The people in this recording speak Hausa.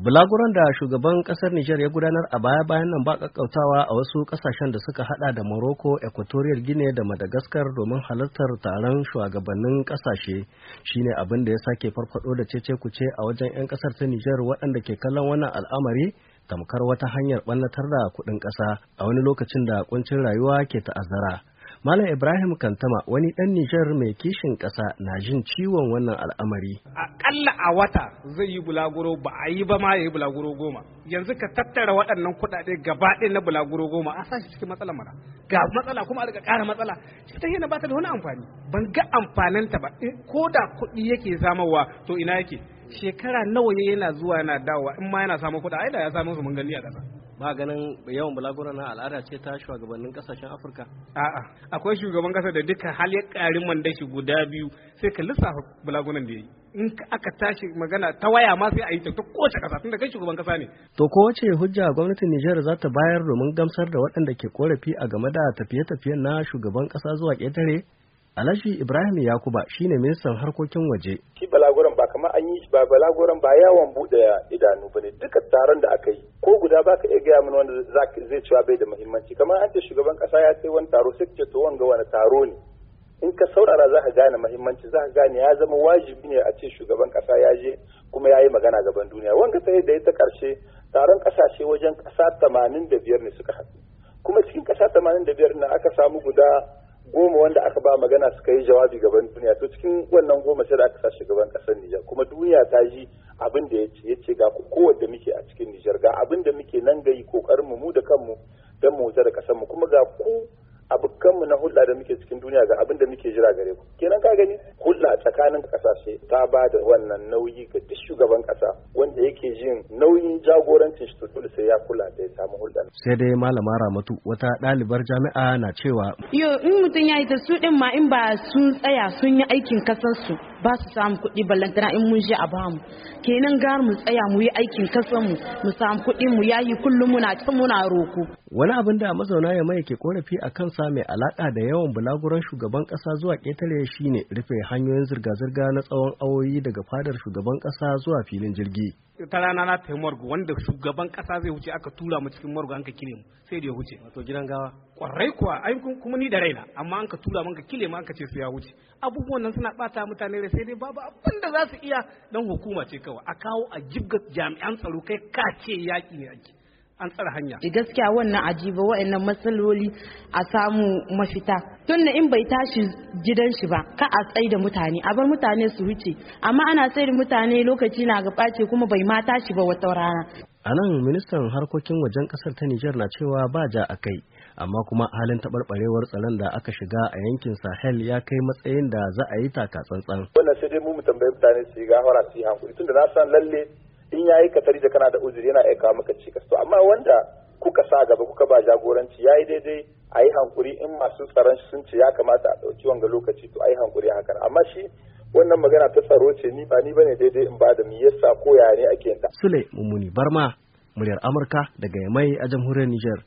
Bulaguran da shugaban kasar Nijar ya gudanar a baya-bayan nan ba kakkautawa a wasu kasashen da suka hada da Morocco, Equatorial Guinea da Madagascar domin halartar taron shugabannin kasashe shine abin da ya sake farfado da cece kuce a wajen 'yan kasar ta Nijar waɗanda ke kallon wannan al'amari tamkar wata hanyar ɓannatar da kuɗin ƙasa a wani lokacin da kuncin rayuwa ke ta'azzara. Malam Ibrahim Kantama wani ɗan Nijar mai kishin ƙasa na jin ciwon wannan al'amari. akalla a wata zai yi bulaguro ba a yi ba ma ya yi bulaguro goma yanzu ka tattara waɗannan kuɗaɗe gaba ɗaya na bulaguro goma a sashi cikin matsala mara. ga matsala kuma a daga ƙara matsala shi ta hina ba ta da wani amfani ban ga amfaninta ba eh, ko da kuɗi yake zamawa to ina yake shekara nawa yana zuwa yana dawowa in ma yana samun kuɗa a da ya samu su mun gani a ƙasa ba ganin yawan bulaguro na al'ada ce ta shugabannin kasashen afirka a'a akwai shugaban kasa da duka hal ya man mandashi guda biyu sai ka lissafa bulagunan da yayi in aka tashi magana ta waya ma sai a yi ta ta kowace kasa tunda kai shugaban kasa ne. To ko wace hujja gwamnatin Nijar za ta bayar domin gamsar da waɗanda ke korafi a game da tafiye-tafiyen na shugaban kasa zuwa ƙetare? Alhaji Ibrahim Yakuba shine ministan harkokin waje. Shi balaguran ba kamar an yi shi ba balaguran ba yawon bude idanu bane duka taron da aka yi ko guda ba ka iya gaya mana wanda zai cewa bai da muhimmanci kamar an ce shugaban kasa ya sai wani taro sai ce to wanga wani taro ne in ka saurara za ka gane mahimmanci za ka gane ya zama wajibi ne a ce shugaban kasa ya je kuma ya yi magana gaban duniya wanga sai da ta karshe taron kasashe wajen kasa tamanin da biyar ne suka haɗu kuma cikin kasa tamanin da biyar na aka samu guda goma wanda aka ba magana suka yi jawabi gaban duniya to cikin wannan goma sai da aka sa shugaban kasar Nijar kuma duniya ta ji abin da ya ce ga kowanne muke a cikin Nijar ga abin da muke nan yi kokarin mu mu da kanmu dan mu da kasar mu kuma ga ku abokanmu na hulɗa da muke cikin duniya ga abin da muke jira gare ku kenan ka gani hulɗa tsakanin ƙasashe ta ba da wannan nauyi ga duk shugaban ƙasa wanda yake jin nauyin jagorancin shi sai ya kula da ya samu hulɗa sai dai malama ramatu wata ɗalibar jami'a na cewa yo in mutum ya yi ta su ɗin ma in ba sun tsaya sun yi aikin kasarsu ba su samu kuɗi ballantana in mun je a mu kenan gar mu tsaya mu yi aikin kasan mu mu samu kuɗi mu yayi kullum muna ta muna roko wani abin da mazauna ya mai ke korafi a kansa ƙasa mai alaƙa da yawan bulaguran shugaban ƙasa zuwa ƙetare shi ne, rufe hanyoyin zirga-zirga na tsawon awoyi daga fadar shugaban ƙasa zuwa filin jirgi. ta rana na ta morgu wanda shugaban ƙasa zai wuce aka tura mu cikin morgu an ka kile mu sai da ya wuce. wato gidan gawa. kwarai kuwa ai kuma ni da raina amma an ka tura mu an ka kile mu an ka ce su ya wuce abubuwan nan suna ɓata mutane da sai dai babu abin da za su iya dan hukuma ce kawai a kawo a jibga jami'an tsaro kai kace yaƙi ne ake. an tsara hanya eh, gaskiya wannan ajiba wa'annan matsaloli a samu mafita tunda in bai tashi gidan shi ba ka a tsai da mutane a bar mutane su wuce amma ana tsai da mutane lokaci na gabace kuma bai ma tashi ba wata rana a nan ministan harkokin wajen kasar ta Nijar na cewa ba ja a kai amma kuma halin taɓarɓarewar tsaron da aka shiga a yankin sahel ya kai matsayin da za a yi taka tsantsan wannan sai dai mu mu tambayi mutane su yi gafara su yi hankuri tunda na san lalle in yayi katari da kana da uzuri yana aika maka cikas to amma wanda kuka sa gaba kuka ba jagoranci ya yi daidai a yi hankuri in masu tsaron sun ce ya kamata a ɗauki wanga lokaci to a yi hankuri hakan amma shi wannan magana ta tsaro ce ni ba ni ba ne daidai in ba da mi yasa ko yaya ne ake yin ta. Sule Mummuni Barma muryar Amurka daga Yamai a jamhuriyar Nijar.